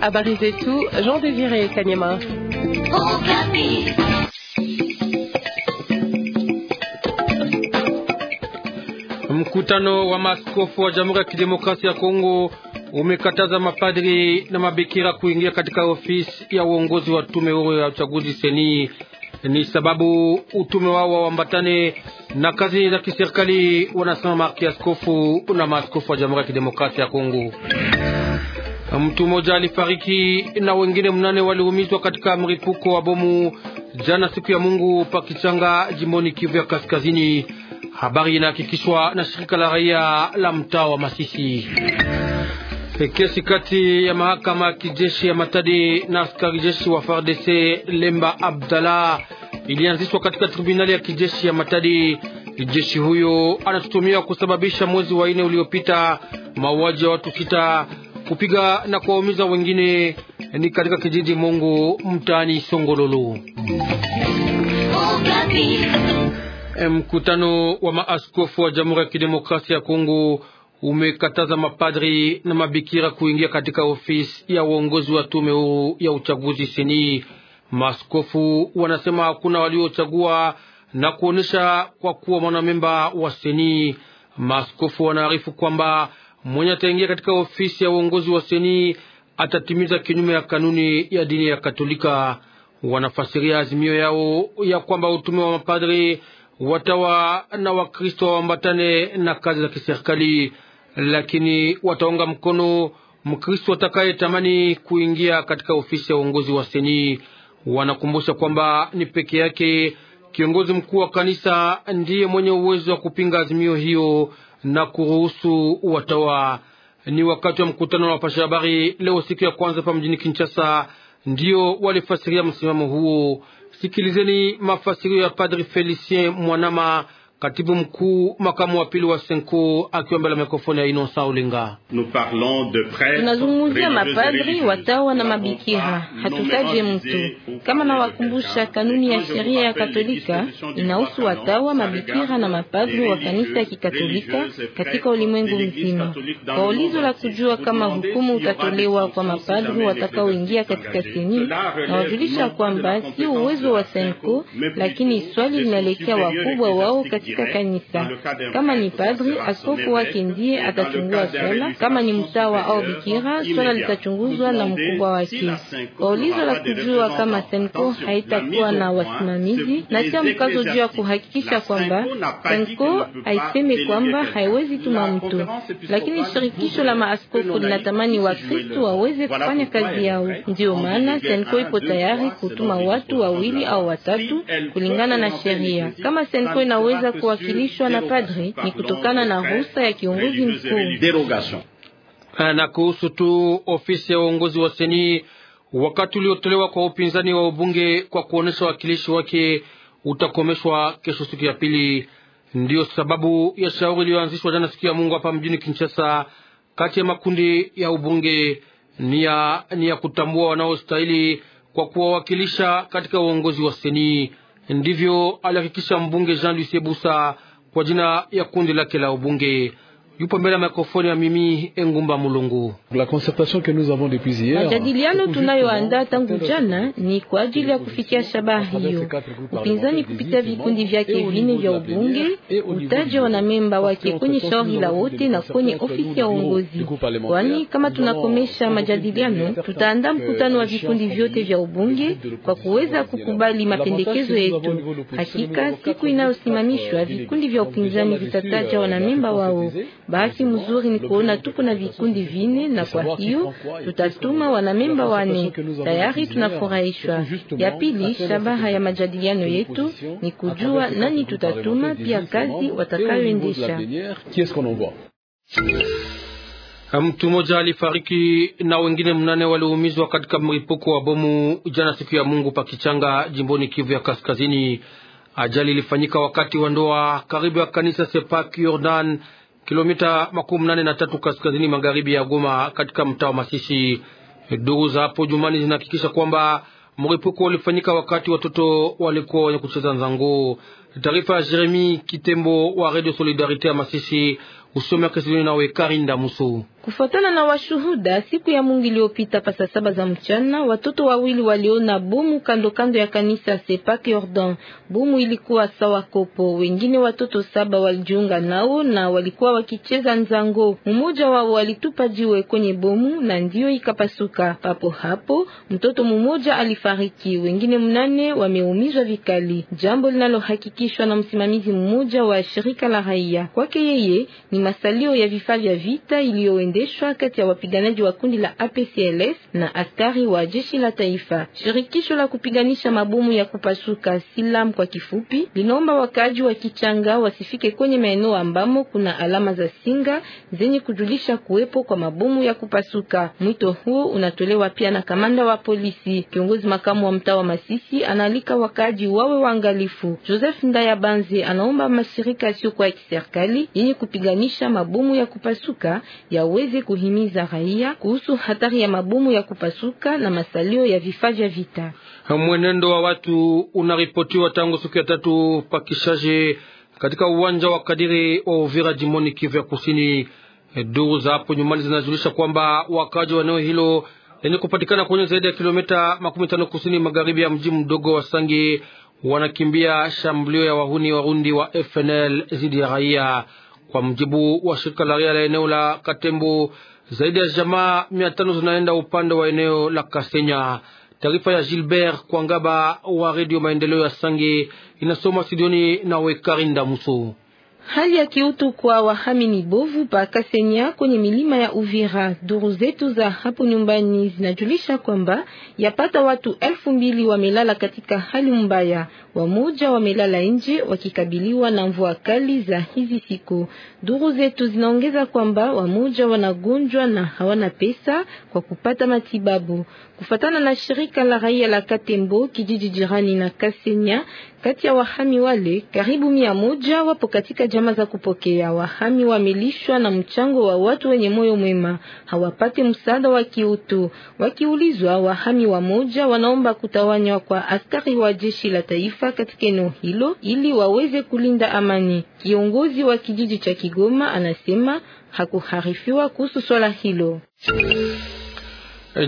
Habari zetu Jean Désiré Kanyema. Mkutano wa maskofu wa Jamhuri ya Kidemokrasia ya Kongo umekataza mapadri na mabikira kuingia katika ofisi ya uongozi wa tume huru ya uchaguzi seni ni sababu utume wao waambatane na kazi za kiserikali, wanasema makiaskofu na maaskofu wa Jamhuri ya Kidemokrasia ya Kongo. Mtu mmoja alifariki na wengine mnane waliumizwa katika mripuko wa bomu jana siku ya Mungu pakichanga jimboni Kivu ya Kaskazini. Habari inahakikishwa na shirika la raia la mtaa wa Masisi. Kesi kati ya mahakama ya kijeshi ya Matadi na askari jeshi wa FARDC Lemba Abdallah ilianzishwa katika tribunali ya kijeshi ya Matadi. Kijeshi huyo anatutumiwa kusababisha mwezi wa nne uliopita mauaji ya watu sita, kupiga na kuwaumiza wengine, ni katika kijiji Mungu mtaani Songololo. Mkutano wa maaskofu wa Jamhuri ya Kidemokrasia ya Kongo umekataza mapadri na mabikira kuingia katika ofisi ya uongozi wa tume huru ya uchaguzi senii Maskofu wanasema hakuna waliochagua na kuonyesha kwa kuwa mwanamemba wa Seni. maskofu wanaarifu kwamba mwenye ataingia katika ofisi ya uongozi wa Seni atatimiza kinyume ya kanuni ya dini ya Katolika. Wanafasiria azimio yao ya kwamba utume wa mapadri, watawa na Wakristo waambatane na kazi za kiserikali, lakini wataunga mkono Mkristo atakayetamani kuingia katika ofisi ya uongozi wa Seni. Wanakumbusha kwamba ni peke yake kiongozi mkuu wa kanisa ndiye mwenye uwezo wa kupinga azimio hiyo na kuruhusu watawa. Ni wakati wa mkutano wa wapasha habari leo siku ya kwanza pa mjini Kinshasa ndio walifasiria msimamo huo. Sikilizeni mafasirio ya Padri Felicien Mwanama Katibu mkuu makamu wa pili wa Senko akiwa mbele mikrofoni ya Inosa Ulinga. Tunazungumzia mapadri, watawa na mabikira, hatutaje mtu kama nawakumbusha. Kanuni ya sheria ya Katolika inahusu watawa, mabikira na mapadri wa kanisa ya Kikatolika katika ulimwengu mzima. Kwa ulizo la kujua kama hukumu utatolewa kwa mapadri watakaoingia katika seni, nawajulisha kwamba si uwezo wa Senko, lakini swali linalekea wakubwa wao katika katika kanisa. Kama ni padri, askofu wake ndiye atachungua swala. Kama ni mtawa euh, au bikira, swala litachunguzwa na mkubwa wake. Kwa ulizo la kujua kama Senko haitakuwa na wasimamizi, natia mkazo juu ya kuhakikisha kwamba Senko haiseme kwamba haiwezi tuma mtu, lakini shirikisho la maaskofu linatamani Wakristu waweze kufanya kazi yao. Ndio maana Senko ipo tayari kutuma watu wawili au watatu kulingana na sheria. Kama Senko inaweza kuwakilishwa na padri ni kutokana na ruhusa ya kiongozi mkuu. Ah, na kuhusu tu ofisi ya uongozi wa seni, wakati uliotolewa kwa upinzani wa ubunge kwa kuonyesha wakilishi wake utakomeshwa kesho siku ya pili. Ndiyo sababu ya shauri iliyoanzishwa jana siku ya Mungu hapa mjini Kinshasa kati ya makundi ya ubunge ni ya, ni ya kutambua wanaostahili kwa kuwawakilisha katika uongozi wa seni. Ndivyo alihakikisha mbunge Jean Lucie Busa kwa jina ya kundi lake la ubunge yupo mbele ya mikrofoni ya mimi Engumba Mulungu. majadiliano tunayoandaa tangu jana ni kwa ajili ya kufikia shabaha hiyo. Upinzani kupitia vikundi vyake vine vya ubunge wana memba wake kwenye shauri la wote na kwenye ofisi ya uongozi, kwani kama tunakomesha majadiliano, tutaandaa mkutano wa vikundi vyote vya ubunge kwa kuweza kukubali mapendekezo yetu. Hakika siku inayosimamishwa vikundi vya upinzani vitataja wana memba wao Bahati mzuri ni kuona tuko na vikundi vine, na kwa hiyo tutatuma wanamemba wane. Tayari tunafurahishwa. Ya pili, shabaha ya majadiliano yetu ni kujua nani tutatuma, pia kazi watakayoendesha. Mtu mmoja alifariki na wengine mnane waliumizwa katika mlipuko wa bomu jana siku ya Mungu pakichanga jimboni Kivu ya Kaskazini. Ajali ilifanyika wakati wa ndoa karibu ya kanisa Sepak Jordan kilomita makumi nane na tatu kaskazini magharibi ya Goma katika mtaa wa Masisi. Duru za hapo jumani zinahakikisha kwamba mripuko ulifanyika wakati watoto walikuwa wenye kucheza nzangu. Taarifa ya Jeremi Kitembo wa Radio Solidarite ya Masisi usomi wake nawe Karinda Muso. Kufuatana na washuhuda, siku ya Mungu iliyopita pasa saba za mchana, watoto wawili waliona bomu kando kando ya kanisa Sepak Jordan. Bomu ilikuwa sawa kopo. Wengine watoto saba walijiunga nao na walikuwa wakicheza nzango. Mmoja wao alitupa jiwe kwenye bomu na ndio ikapasuka. Papo hapo mtoto mmoja alifariki, wengine mnane wameumizwa vikali, jambo linalohakikishwa na msimamizi mmoja wa shirika la raia. Kwake yeye ni masalio ya vifaa vya vita iliyoendeshwa kati ya wapiganaji wa kundi la APCLS na askari wa jeshi la taifa. Shirikisho la kupiganisha mabomu ya kupasuka silam kwa kifupi, linaomba wakaaji wa Kichanga wasifike kwenye maeneo ambamo kuna alama za singa zenye kujulisha kuwepo kwa mabomu ya kupasuka. Mwito huo unatolewa pia na kamanda wa polisi. Kiongozi makamu wa mtaa wa Masisi analika wakaaji wawe waangalifu. Joseph Ndaya Banze anaomba mashirika yasiyokuwa kwa kiserikali yenye kupiganisha kuhakikisha mabomu ya kupasuka yaweze kuhimiza raia kuhusu hatari ya mabomu ya kupasuka na masalio ya vifaa vya vita. Mwenendo wa watu unaripotiwa tangu siku ya tatu pakishaje katika uwanja wa kadiri wa Uvira jimoni Kivu ya Kusini. Duru za hapo nyumbani zinajulisha kwamba wakaji wa eneo hilo lenye kupatikana kwenye zaidi ya kilomita makumi tano kusini magharibi ya mji mdogo wa Sangi wanakimbia shambulio ya wahuni Warundi wa FNL dhidi ya raia. Kwa mjibu wa shirika la ria la eneo la Katembo, zaidi ya jamaa mia tano zinaenda upande wa eneo la Kasenya. Taarifa ya Gilbert Kwangaba wa Redio Maendeleo ya Sange inasoma studioni na Wekarinda Muso. Hali ya kiutu kwa wahami ni bovu pa Kasenya kwenye milima ya Uvira. Duru zetu za hapo nyumbani zinajulisha kwamba yapata watu elfu mbili wamelala katika hali mbaya, wamoja wamelala nje wakikabiliwa na mvua kali za hizi siku. Duru zetu zinaongeza kwamba wamoja wanagonjwa na hawana pesa kwa kupata matibabu. Kufatana na shirika la raia la Katembo, kijiji jirani na Kasenya, kati ya wahami wale karibu mia moja wapo katika jama za kupokea wahami. Wamelishwa na mchango wa watu wenye moyo mwema, hawapati msaada wa kiutu. Wakiulizwa, wahami wa moja wanaomba kutawanywa kwa askari wa jeshi la taifa katika eneo hilo ili waweze kulinda amani. Kiongozi wa kijiji cha Kigoma anasema hakuharifiwa kuhusu swala hilo.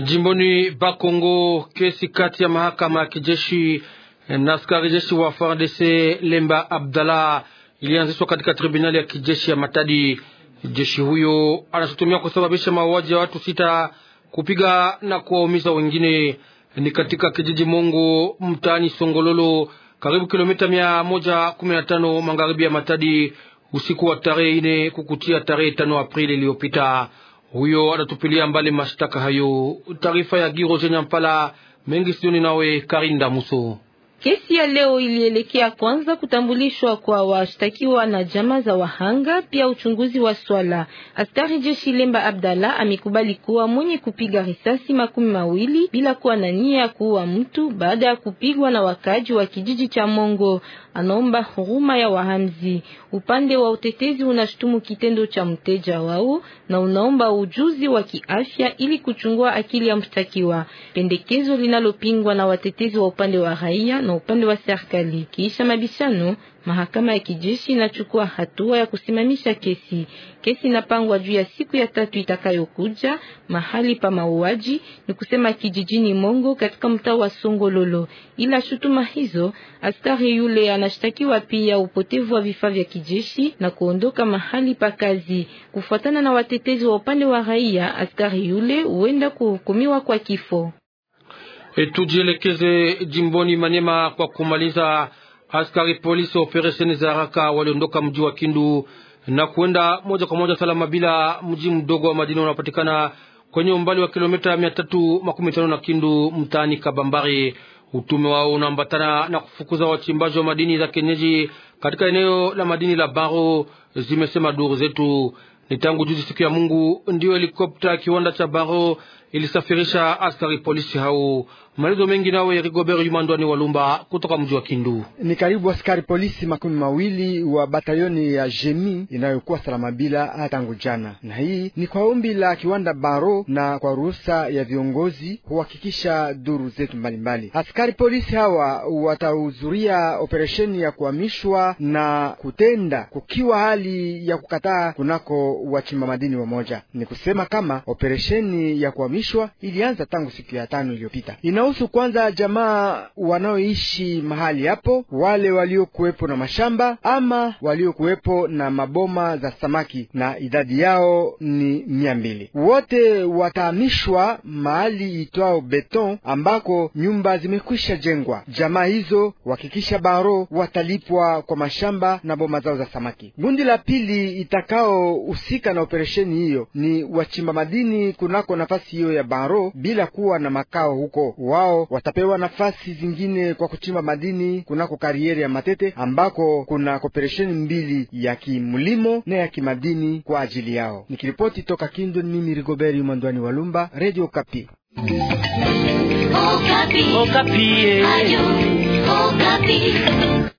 Jimboni Bakongo, kesi kati ya mahakama ya kijeshi Eh, na askari jeshi wa FARDC Lemba Abdalla ilianzishwa katika tribunali ya kijeshi ya Matadi. Jeshi huyo anashutumiwa kusababisha mauaji ya watu sita, kupiga na kuwaumiza wengine, ni katika kijiji Mungu mtaani Songololo, karibu kilomita mia moja kumi na tano magharibi ya Matadi, usiku wa tarehe ine kukutia tarehe tano Aprili iliyopita. Huyo anatupilia mbali mashtaka hayo. Taarifa ya Giro Zenyampala mengi sioni nawe Karinda Muso. Kesi ya leo ilielekea kwanza kutambulishwa kwa washtakiwa na jama za wahanga, pia uchunguzi wa swala. Askari jeshi Lemba Abdalla amekubali kuwa mwenye kupiga risasi makumi mawili bila kuwa na nia ya kuua mtu baada ya kupigwa na wakaaji wa kijiji cha Mongo anaomba huruma ya wahamzi. Upande wa utetezi unashutumu kitendo cha mteja wao na unaomba ujuzi wa kiafya ili kuchungua akili ya mshtakiwa, pendekezo linalopingwa na watetezi wa upande wa raia na upande wa serikali. Kisha mabishano Mahakama ya kijeshi inachukua hatua ya kusimamisha kesi. Kesi inapangwa juu ya siku ya tatu itakayokuja. Mahali pa mauaji ni kusema kijijini Mongo katika mtaa wa Songololo. Ila shutuma hizo, askari yule anashtakiwa pia upotevu wa vifaa vya kijeshi na kuondoka mahali pa kazi. Kufuatana na watetezi wa upande wa raia, askari yule huenda kuhukumiwa kwa kifo. E, tujielekeze jimboni Manema kwa kumaliza askari polisi wa operesheni za haraka waliondoka mji wa Kindu na kuenda moja kwa moja Salama bila mji mdogo wa madini unaopatikana kwenye umbali wa kilomita mia tatu makumi tano na Kindu mtaani Kabambari. Utume wao unaambatana na kufukuza wachimbaji wa madini za kienyeji katika eneo la madini la Baro, zimesema duru zetu. Ni tangu juzi siku ya Mungu ndio helikopta ya kiwanda cha Baro ilisafirisha askari polisi hao. Maelezo mengi nawe Rigobert Yumandwani Walumba kutoka mji wa Kindu. Ni karibu askari polisi makumi mawili wa batalioni ya Jemi inayokuwa salama bila tangu jana, na hii ni kwa ombi la kiwanda Baro na kwa ruhusa ya viongozi, huhakikisha duru zetu mbalimbali. Askari polisi hawa watahudhuria operesheni ya kuhamishwa na kutenda kukiwa hali ya kukataa kunako wachimba madini wamoja. Ni kusema kama operesheni ya kuhamishwa kuhamishwa ilianza tangu siku ya tano iliyopita. Inahusu kwanza jamaa wanaoishi mahali hapo, wale waliokuwepo na mashamba ama waliokuwepo na maboma za samaki, na idadi yao ni mia mbili. Wote watahamishwa mahali itwao Beton ambako nyumba zimekwisha jengwa. Jamaa hizo wakikisha baro watalipwa kwa mashamba na boma zao za samaki. Gundi la pili itakaohusika na operesheni hiyo ni wachimba madini kunako nafasi hiyo ya Banro bila kuwa na makao huko. Wao watapewa nafasi zingine kwa kuchimba madini kunako karieri ya Matete ambako kuna kooperesheni mbili ya kimlimo na ya kimadini kwa ajili yao. Nikiripoti toka Kindu, mimi Rigoberi Mwandwani Walumba, Radio Kapi. Okapi. Okapi. Okapi. Eh.